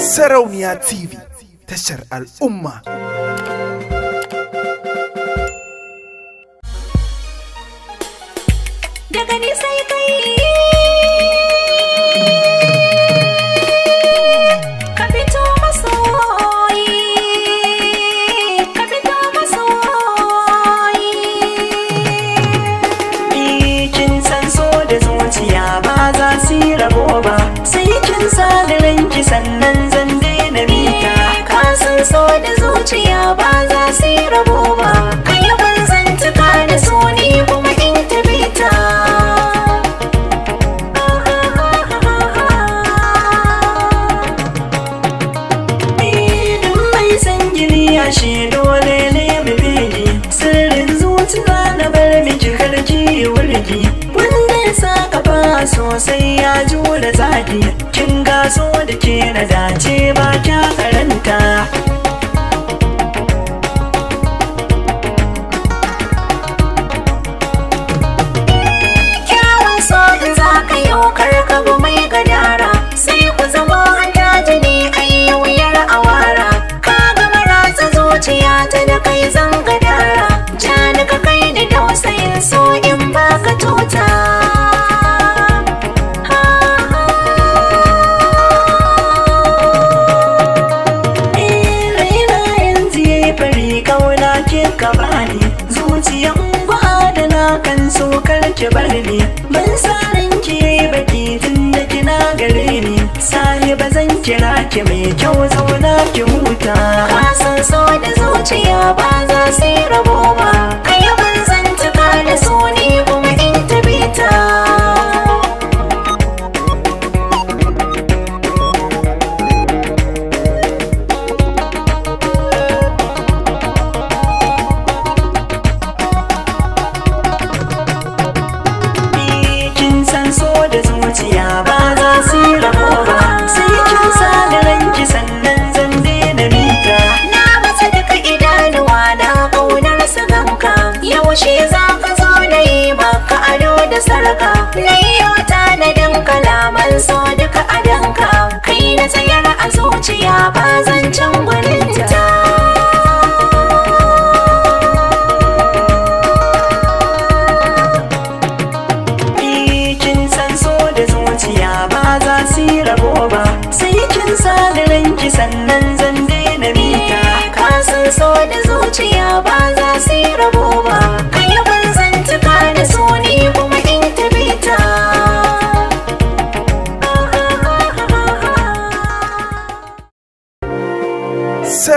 Sarauniya TV tashar al'umma. Daga nisa kai ka fito masoyi, ka fito masoyi. Ikin san so da zuciya ba za su yi rabo ba, sai kin sa da sannan rabo ba Allah ban san cika da so ni kuma in tabita Idan mai san gini ya shi dole ne mu bi sirrin zuciya na bar miki karki wurgi wanda ya saka ba sosai ya jure zagi. kin gaso da ke na dace ba kya karanta ban sanin ki baki tun da kina gare ni sai ba zan kira ki mai kyau zauna ki huta ka san so da zuciya ba za su rabo ba yaushe za ka zo na yi maka ado da sarka na yi wa tanadin kalaman so duka adanka kai na tsayar a zuciya ba zan can gwaninta sannan zan daina bita eh, ka san so da zuciya ba za su yi rabo